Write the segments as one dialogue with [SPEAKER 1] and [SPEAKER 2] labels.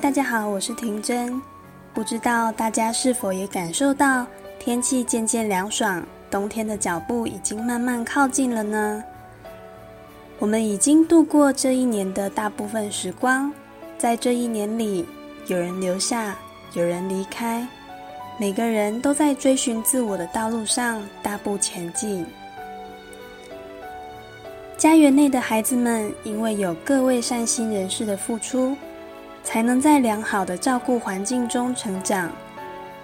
[SPEAKER 1] 大家好，我是婷珍。不知道大家是否也感受到天氣漸漸涼爽，冬天的腳步已經慢慢靠近了呢？我們已經度過這一年的大部分時光，在這一年裡，有人留下，有人離開，每個人都在追尋自我的道路上大步前進。家園內的孩子們，因為有各位善心人士的付出，才能在良好的照顧環境中成長，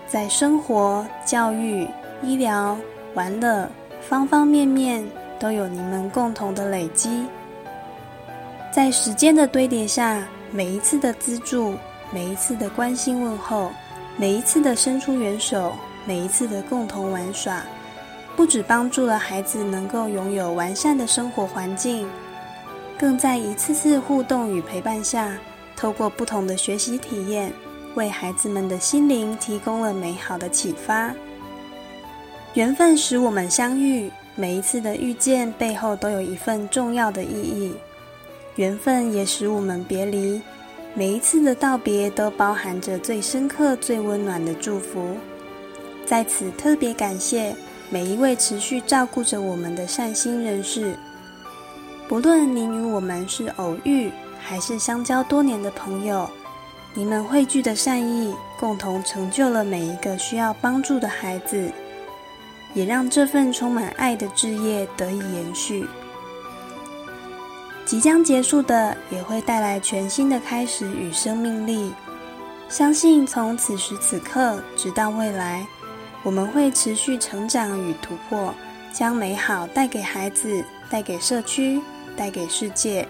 [SPEAKER 1] 在生活、教育、醫療、玩樂方方面面都有你們共同的累積。在時間的堆疊下，每一次的資助，每一次的關心問候，每一次的伸出援手，每一次的共同玩耍，不只幫助了孩子能夠擁有完善的生活環境，更在一次次互動與陪伴下。透過不同的學習體驗，為孩子們的心靈提供了美好的啟發。緣分使我們相遇，每一次的遇見背後都有一份重要的意義。緣分也使我們別離，每一次的道別都包含着最深刻、最溫暖的祝福。在此特別感謝每一位持續照顧着我們的善心人士。不論您與我們是偶遇，還是相交多年的朋友，你們匯聚的善意，共同成就了每一個需要幫助的孩子，也讓這份充滿愛的事業得以延續。即將結束的，也會帶來全新的開始與生命力。相信從此時此刻，直到未來，我們會持續成長與突破，將美好帶給孩子，帶給社區，帶給世界。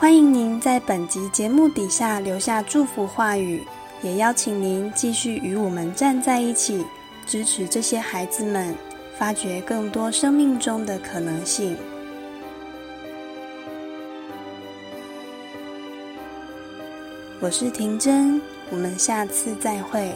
[SPEAKER 1] 歡迎您在本集節目底下留下祝福話語，也邀請您繼續與我們站在一起，支持這些孩子們發掘更多生命中的可能性。我是婷真，我們下次再會。